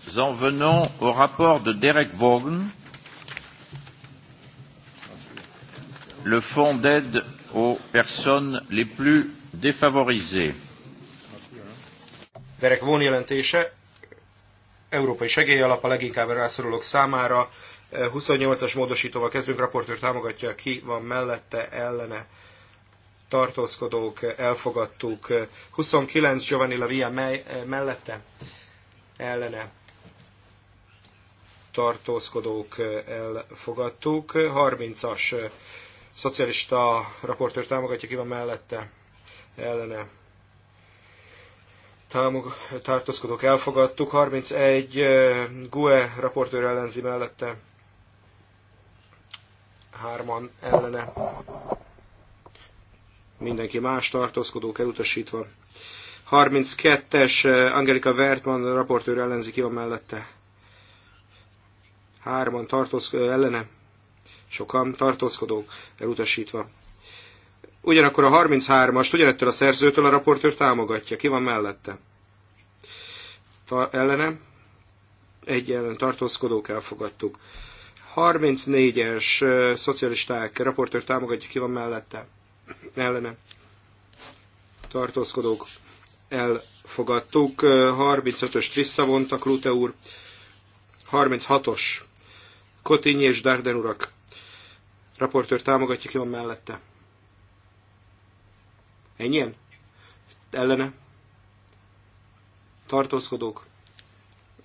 Nous en venons au rapport de Derek Vaughan, le fonds d'aide aux personnes les plus défavorisées. Derek Vaughan jelentése, Európai Segélyalap a leginkább rászorulók számára. 28-as eh, módosítóval kezdünk, raportőr támogatja, ki van mellette, ellene tartózkodók, eh, elfogadtuk. 29 eh, Giovanni Lavia mellette, ellene tartózkodók elfogadtuk. 30-as szocialista raportőr támogatja, ki van mellette, ellene támog, tartózkodók elfogadtuk. 31 GUE raportőr ellenzi mellette, hárman ellene mindenki más tartózkodók elutasítva. 32-es Angelika Wertmann raportőr ellenzi ki van mellette hárman tartózk, ellene, sokan tartózkodók elutasítva. Ugyanakkor a 33-ast ugyanettől a szerzőtől a raportőr támogatja. Ki van mellette? Ta, ellene? Egy ellen tartózkodók elfogadtuk. 34-es uh, szocialisták, raportőr támogatja, ki van mellette? Ellene? Tartózkodók elfogadtuk. Uh, 35-öst visszavontak, Lute úr. 36-os Kotény és Darden urak. Raportőr támogatja, ki van mellette. Ennyien? Ellene? Tartózkodók?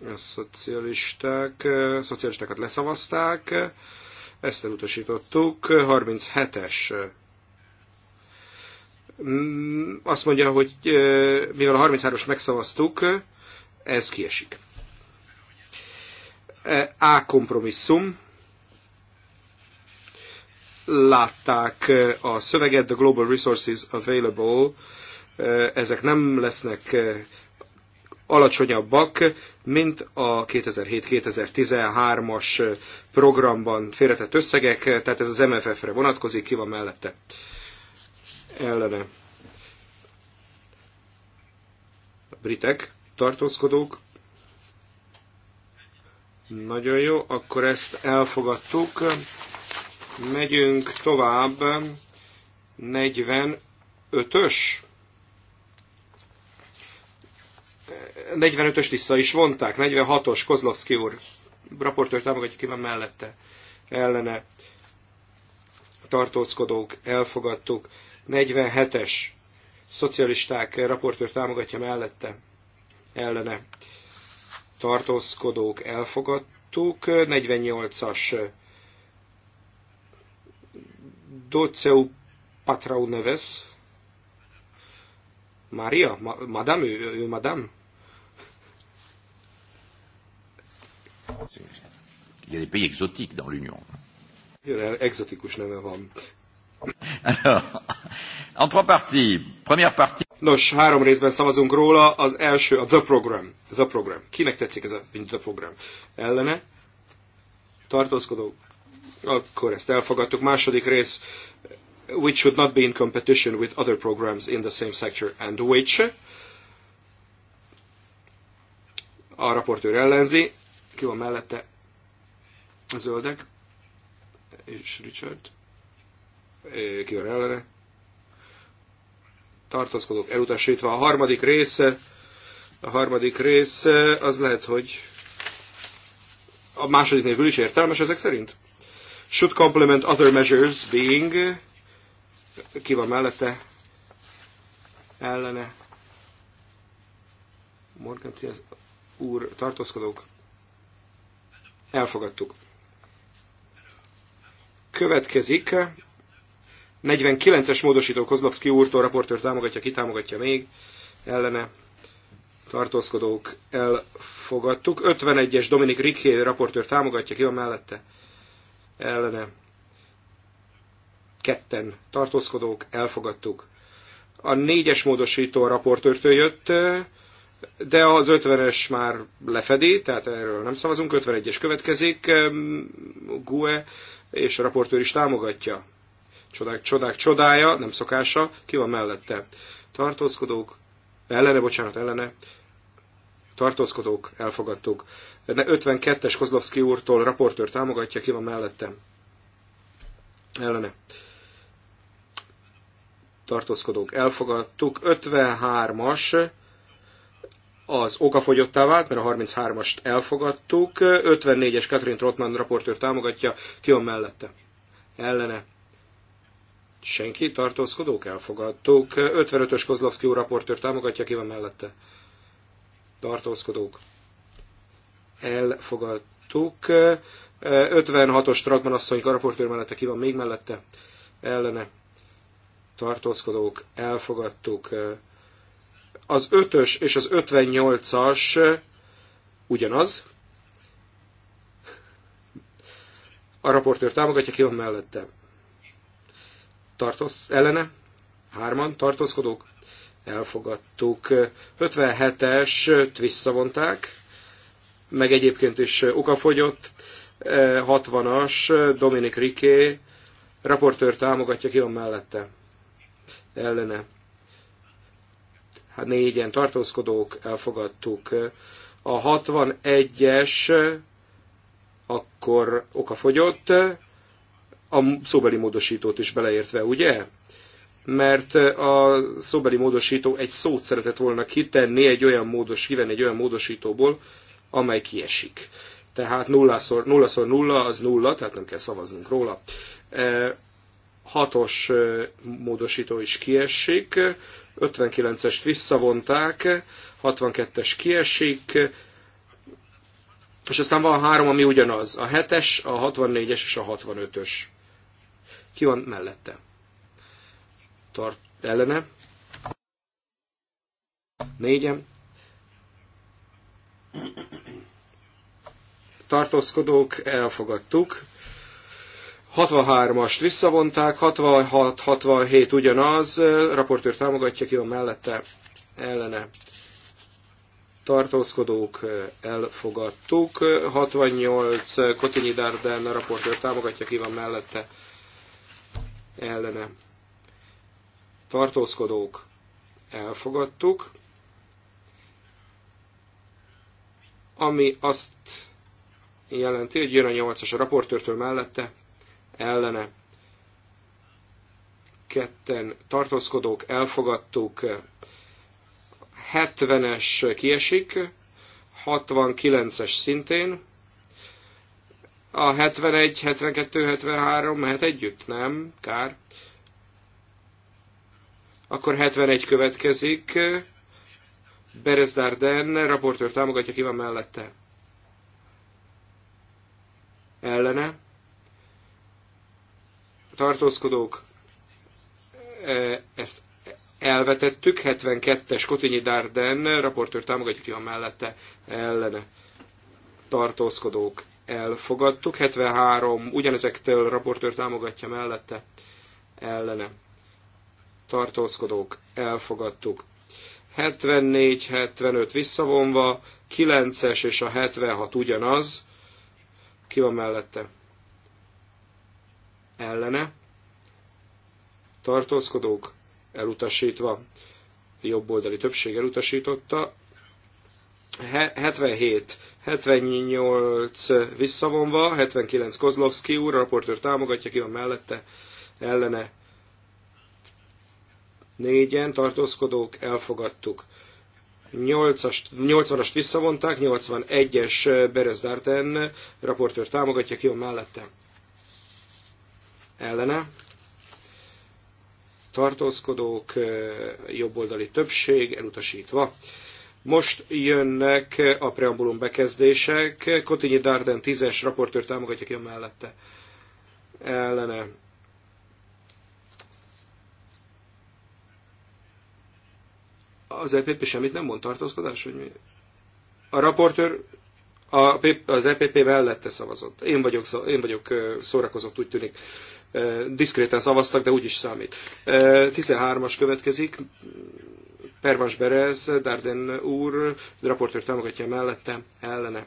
A szocialisták, szocialistákat leszavazták, ezt elutasítottuk. 37-es mm, azt mondja, hogy mivel a 33-os megszavaztuk, ez kiesik. A kompromisszum. Látták eh, a szöveget, the global resources available. Eh, ezek nem lesznek eh, alacsonyabbak, mint a 2007-2013-as programban félretett összegek, tehát ez az MFF-re vonatkozik, ki van mellette ellene. A britek, tartózkodók, nagyon jó, akkor ezt elfogadtuk. Megyünk tovább. 45-ös. 45-ös vissza is vonták. 46-os, Kozlovszki úr. Raportőr támogatja ki van mellette. Ellene tartózkodók, elfogadtuk. 47-es, szocialisták, raportőr támogatja mellette. Ellene tartózkodók elfogadtuk, 48-as Doceu Patrau Neves, Mária, ma, madame, ő, ő madame? Il y a des pays exotiques dans l'Union. Exotikus neve van. Alors, en trois parties. Première partie. Nos, három részben szavazunk róla. Az első a The Program. The Program. Kinek tetszik ez a The Program? Ellene? Tartózkodó? Akkor ezt elfogadtuk. Második rész, which should not be in competition with other programs in the same sector and which a raportőr ellenzi. Ki van mellette? A zöldek. És Richard. Ki van ellene? tartózkodók elutasítva. A harmadik része, a harmadik rész az lehet, hogy a második nélkül is értelmes ezek szerint? Should complement other measures being ki van mellette? Ellene. Morgan az úr, tartózkodók. Elfogadtuk. Következik 49-es módosító Kozlovszki úrtól, raportőr támogatja, ki támogatja még, ellene tartózkodók elfogadtuk. 51-es Dominik Riké raportőr támogatja, ki van mellette, ellene ketten tartózkodók elfogadtuk. A 4-es módosító a raportőrtől jött, de az 50-es már lefedi, tehát erről nem szavazunk, 51-es következik, GUE, és a raportőr is támogatja csodák csodák csodája, nem szokása, ki van mellette. Tartózkodók, ellene, bocsánat, ellene, tartózkodók, elfogadtuk. 52-es Kozlovszki úrtól raportőr támogatja, ki van mellette? Ellene. Tartózkodók, elfogadtuk. 53-as az okafogyottá vált, mert a 33-ast elfogadtuk. 54-es Katrin Trotman raportőr támogatja, ki van mellette. Ellene Senki? Tartózkodók? Elfogadtuk. 55-ös Kozlovszki úr raportőr támogatja, ki van mellette? Tartózkodók. Elfogadtuk. 56-os Trakman asszony raportőr mellette, ki van még mellette? Ellene. Tartózkodók. Elfogadtuk. Az 5-ös és az 58-as ugyanaz. A raportőr támogatja, ki van mellette? tartoz, ellene, hárman tartózkodók, elfogadtuk. 57 es visszavonták, meg egyébként is okafogyott. 60-as Dominik Riké, raportőr támogatja, ki van mellette? Ellene. Hát négyen tartózkodók, elfogadtuk. A 61-es akkor okafogyott, a szóbeli módosítót is beleértve, ugye? Mert a szóbeli módosító egy szót szeretett volna kitenni, egy olyan módos, kivenni egy olyan módosítóból, amely kiesik. Tehát nullászor, nullaszor nulla az nulla, tehát nem kell szavaznunk róla. Hatos módosító is kiesik, 59-est visszavonták, 62-es kiesik, és aztán van három, ami ugyanaz. A 7-es, a 64-es és a 65-ös. Ki van mellette? Tart ellene. Négyen. Tartózkodók, elfogadtuk. 63-ast visszavonták, 66-67 ugyanaz, raportőr támogatja, ki a mellette, ellene tartózkodók elfogadtuk, 68 Kotinyi Darden raportőr támogatja, ki van mellette, ellene tartózkodók elfogadtuk, ami azt jelenti, hogy jön a nyolcas a raportőrtől mellette, ellene ketten tartózkodók elfogadtuk, 70-es kiesik, 69-es szintén, a 71, 72, 73 mehet együtt, nem? Kár. Akkor 71 következik. Berez Darden, raportőr támogatja, ki van mellette? Ellene? Tartózkodók? E, ezt elvetettük. 72-es Kotinyi Darden, raportőr támogatja, ki van mellette? Ellene? Tartózkodók? elfogadtuk, 73 ugyanezektől raportőr támogatja mellette ellene. Tartózkodók, elfogadtuk. 74-75 visszavonva, 9-es és a 76 ugyanaz. Ki van mellette? Ellene. Tartózkodók, elutasítva. Jobboldali többség elutasította. 77 78 visszavonva, 79 Kozlovski úr, a raportőr támogatja, ki van mellette, ellene négyen tartózkodók, elfogadtuk. 8-ast, 80-ast visszavonták, 81-es Berez Darten raportőr támogatja, ki van mellette. Ellene. Tartózkodók, jobboldali többség, elutasítva. Most jönnek a preambulum bekezdések. Kotinyi Darden 10-es raportőr támogatja ki a mellette. Ellene. Az EPP semmit nem mond tartózkodás, hogy mi? A raportőr a, az EPP mellette szavazott. Én vagyok, én vagyok szórakozott, úgy tűnik. Diszkréten szavaztak, de úgy is számít. 13-as következik Pervas Berez, Darden úr, raportőr támogatja mellette, ellene.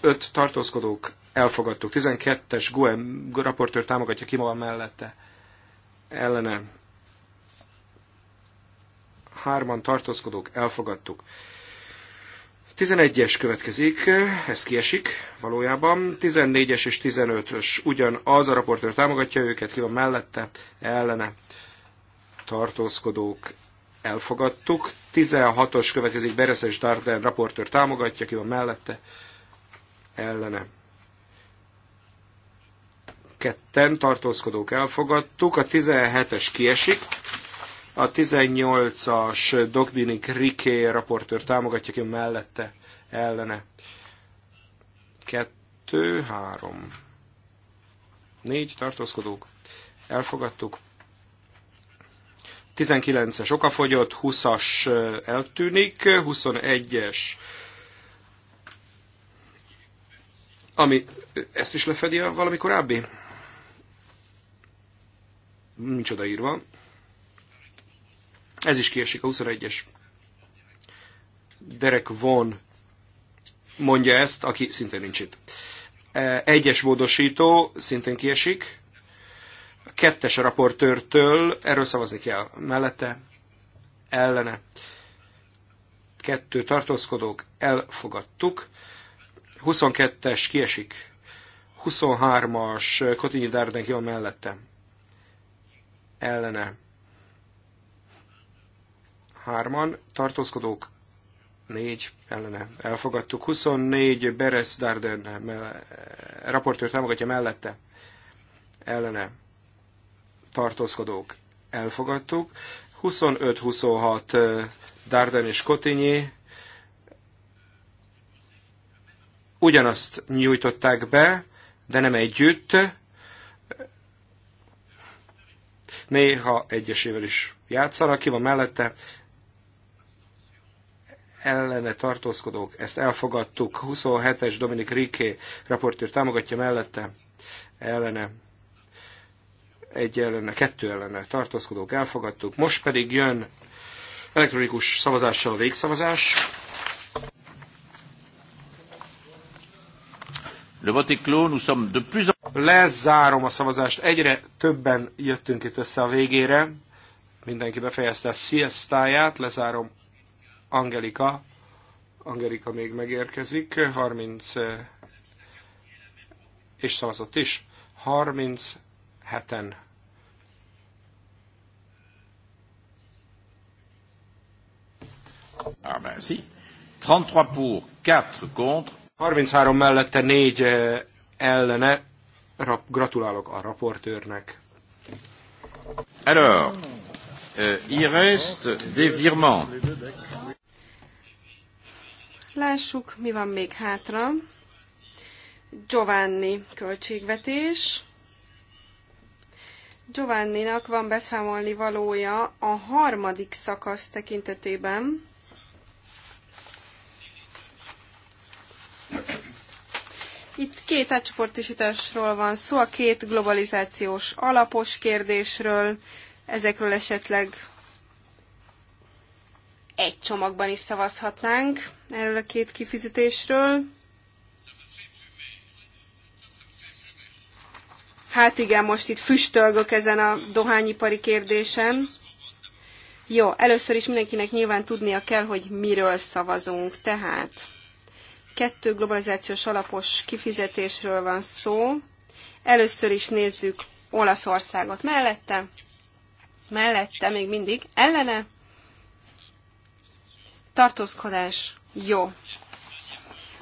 Öt tartózkodók elfogadtuk. 12-es Guem raportőr támogatja ki van mellette, ellene. Hárman tartózkodók elfogadtuk. 11-es következik, ez kiesik valójában. 14-es és 15-ös ugyanaz, a raportőr támogatja őket, ki van mellette, ellene tartózkodók elfogadtuk. 16-os következik Bereszes Darden raportőr támogatja, ki van mellette, ellene. Ketten tartózkodók elfogadtuk, a 17-es kiesik, a 18-as Dogbinik Riké raportőr támogatja, ki van mellette, ellene. Kettő, három, négy tartózkodók elfogadtuk. 19-es okafogyott, 20-as eltűnik, 21-es, ami ezt is lefedi a valami korábbi? Nincs odaírva. Ez is kiesik, a 21-es. Derek Von mondja ezt, aki szintén nincs itt. Egyes módosító szintén kiesik. A kettes raportőrtől, erről szavazni kell, mellette, ellene, kettő tartózkodók, elfogadtuk. 22-es kiesik, 23-as Kotinyi Dárdenk jön mellette, ellene, hárman, tartózkodók négy ellene elfogadtuk. 24 Beres Darden raportőr támogatja mellette ellene tartózkodók elfogadtuk. 25-26 Darden és Kotinyi ugyanazt nyújtották be, de nem együtt. Néha egyesével is játszanak, ki van mellette. Ellene tartózkodók, ezt elfogadtuk. 27-es Dominik Riké raportőr támogatja mellette. Ellene egy ellene, kettő ellene tartózkodók elfogadtuk. Most pedig jön elektronikus szavazással a végszavazás. de Lezárom a szavazást. Egyre többen jöttünk itt össze a végére. Mindenki befejezte a siestáját. Lezárom Angelika. Angelika még megérkezik. 30 eh, és szavazott is. 37-en Ah, 33 pour, 4 contre. 33 mellette 4 eh, ellene. Gratulálok a raportőrnek. Alors, euh, il reste des virements. Lássuk, mi van még hátra. Giovanni költségvetés. Giovanninak van beszámolni valója a harmadik szakasz tekintetében. Itt két átcsoportosításról van szó, a két globalizációs alapos kérdésről, ezekről esetleg egy csomagban is szavazhatnánk erről a két kifizetésről. Hát igen, most itt füstölgök ezen a dohányipari kérdésen. Jó, először is mindenkinek nyilván tudnia kell, hogy miről szavazunk. Tehát Kettő globalizációs alapos kifizetésről van szó. Először is nézzük Olaszországot mellette. Mellette még mindig ellene. Tartózkodás jó.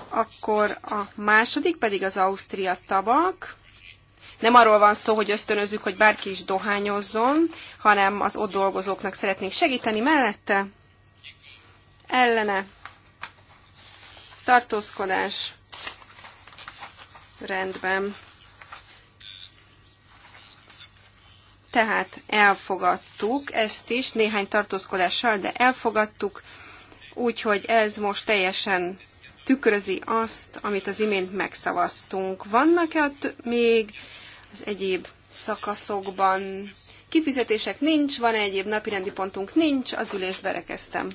Akkor a második pedig az Ausztria tabak. Nem arról van szó, hogy ösztönözzük, hogy bárki is dohányozzon, hanem az ott dolgozóknak szeretnénk segíteni mellette. Ellene tartózkodás, rendben. Tehát elfogadtuk ezt is, néhány tartózkodással, de elfogadtuk, úgyhogy ez most teljesen tükrözi azt, amit az imént megszavaztunk. Vannak-e ott még az egyéb szakaszokban kifizetések nincs, van -e egyéb napirendi pontunk nincs, az ülést berekeztem.